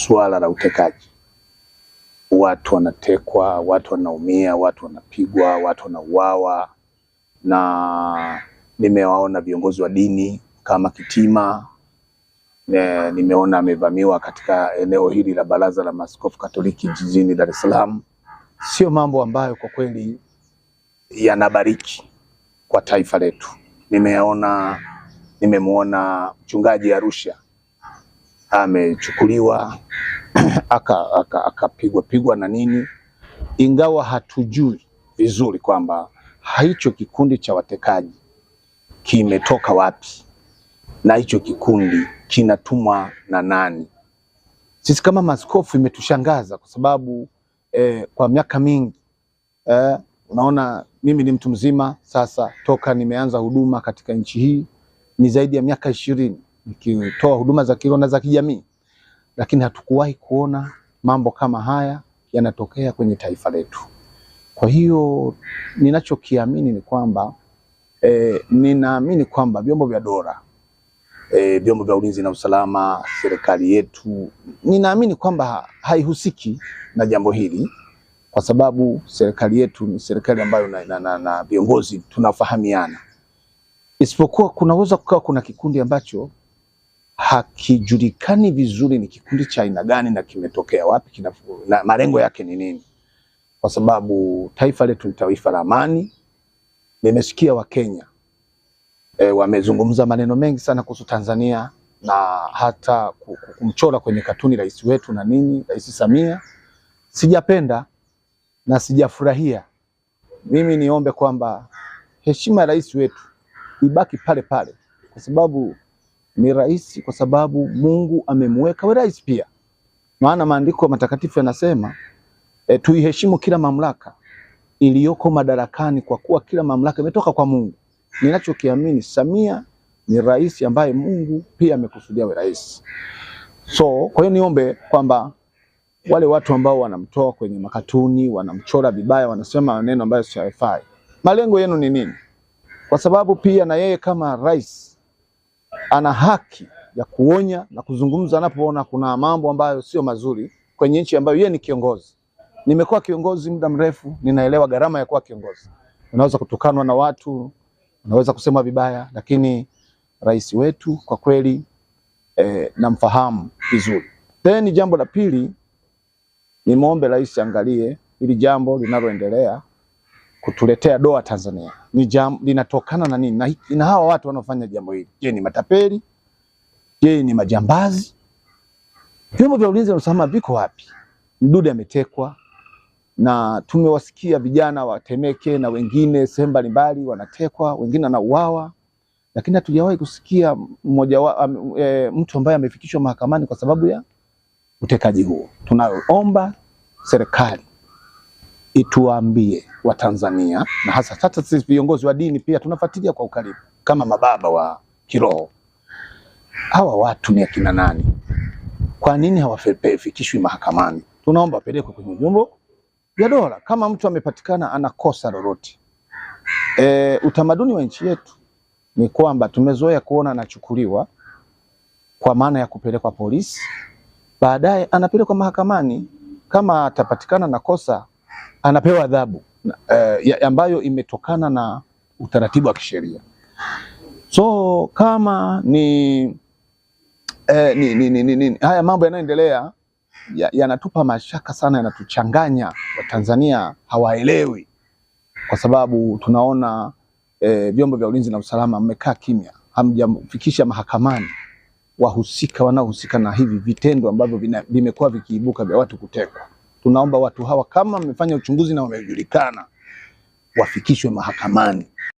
swala la utekaji. Watu wanatekwa, watu wanaumia, watu wanapigwa, watu wanauawa, na nimewaona viongozi wa dini kama Kitima ne, nimeona amevamiwa katika eneo hili la Baraza la Maaskofu Katoliki jijini Dar es Salaam. Sio mambo ambayo kwa kweli yanabariki kwa taifa letu. Nimeona nimemuona mchungaji Arusha amechukuliwa akapigwa aka, aka pigwa na nini, ingawa hatujui vizuri kwamba hicho kikundi cha watekaji kimetoka wapi na hicho kikundi kinatumwa na nani. Sisi kama maskofu imetushangaza kwa sababu eh, kwa miaka mingi eh, unaona mimi ni mtu mzima sasa, toka nimeanza huduma katika nchi hii ni zaidi ya miaka ishirini nikitoa huduma za kiroho na za kijamii, lakini hatukuwahi kuona mambo kama haya yanatokea kwenye taifa letu. Kwa hiyo ninachokiamini ni kwamba e, ninaamini kwamba vyombo vya dola e, vyombo vya ulinzi na usalama, serikali yetu, ninaamini kwamba haihusiki na jambo hili kwa sababu serikali yetu ni serikali ambayo na viongozi tunafahamiana, isipokuwa kunaweza kukawa kuna kikundi ambacho hakijulikani vizuri ni kikundi cha aina gani na kimetokea wapi kina, na malengo yake ni nini, kwa sababu taifa letu ni taifa la amani. Nimesikia Wakenya e, wamezungumza maneno mengi sana kuhusu Tanzania na hata kumchora kwenye katuni rais wetu na nini, Rais Samia. Sijapenda na sijafurahia. Mimi niombe kwamba heshima ya rais wetu ibaki pale pale, kwa sababu ni rais kwa sababu Mungu amemweka we rais pia, maana maandiko matakatifu yanasema e, tuiheshimu kila mamlaka iliyoko madarakani kwa kuwa kila mamlaka imetoka kwa Mungu. Ninachokiamini, Samia ni rais ambaye Mungu pia amekusudia we rais. So kwa hiyo niombe kwamba wale watu ambao wanamtoa kwenye makatuni, wanamchora vibaya, wanasema maneno ambayo siyafai, malengo yenu ni nini? Kwa sababu pia na yeye kama rais ana haki ya kuonya na kuzungumza anapoona kuna mambo ambayo sio mazuri kwenye nchi ambayo yeye ni kiongozi. Nimekuwa kiongozi muda mrefu, ninaelewa gharama ya kuwa kiongozi. Unaweza kutukanwa na watu, unaweza kusema vibaya, lakini rais wetu kwa kweli eh, namfahamu vizuri. Then jambo la pili, nimwombe rais angalie hili jambo linaloendelea kutuletea doa Tanzania ni jam, linatokana na nini? Na, na hawa watu wanaofanya jambo hili, je, ni matapeli? Je, ni majambazi? Vyombo vya ulinzi na usalama viko wapi? Mdude ametekwa, na tumewasikia vijana watemeke na wengine sehemu mbalimbali wanatekwa, wengine wanauawa, lakini hatujawahi kusikia mmoja wa, um, e, mtu ambaye amefikishwa mahakamani kwa sababu ya utekaji huo. Tunaomba serikali ituambie Watanzania na hasa hata sisi viongozi wa dini pia tunafuatilia kwa ukaribu kama mababa wa kiroho, hawa watu ni akina nani? Kwa nini hawafikishwi mahakamani? Tunaomba wapelekwe kwenye vyombo vya dola kama mtu amepatikana anakosa lolote. E, utamaduni wa nchi yetu ni kwamba tumezoea kuona anachukuliwa kwa maana ya kupelekwa polisi, baadaye anapelekwa mahakamani. Kama atapatikana na kosa anapewa adhabu uh, ambayo imetokana na utaratibu wa kisheria. So kama ni, eh, ni, ni, ni, ni, ni haya mambo yanayoendelea yanatupa ya mashaka sana, yanatuchanganya. Watanzania hawaelewi kwa sababu tunaona eh, vyombo vya ulinzi na usalama mmekaa kimya, hamjafikisha mahakamani wahusika wanaohusika na hivi vitendo ambavyo vimekuwa vikiibuka vya watu kutekwa. Tunaomba watu hawa kama wamefanya uchunguzi na wamejulikana wafikishwe mahakamani.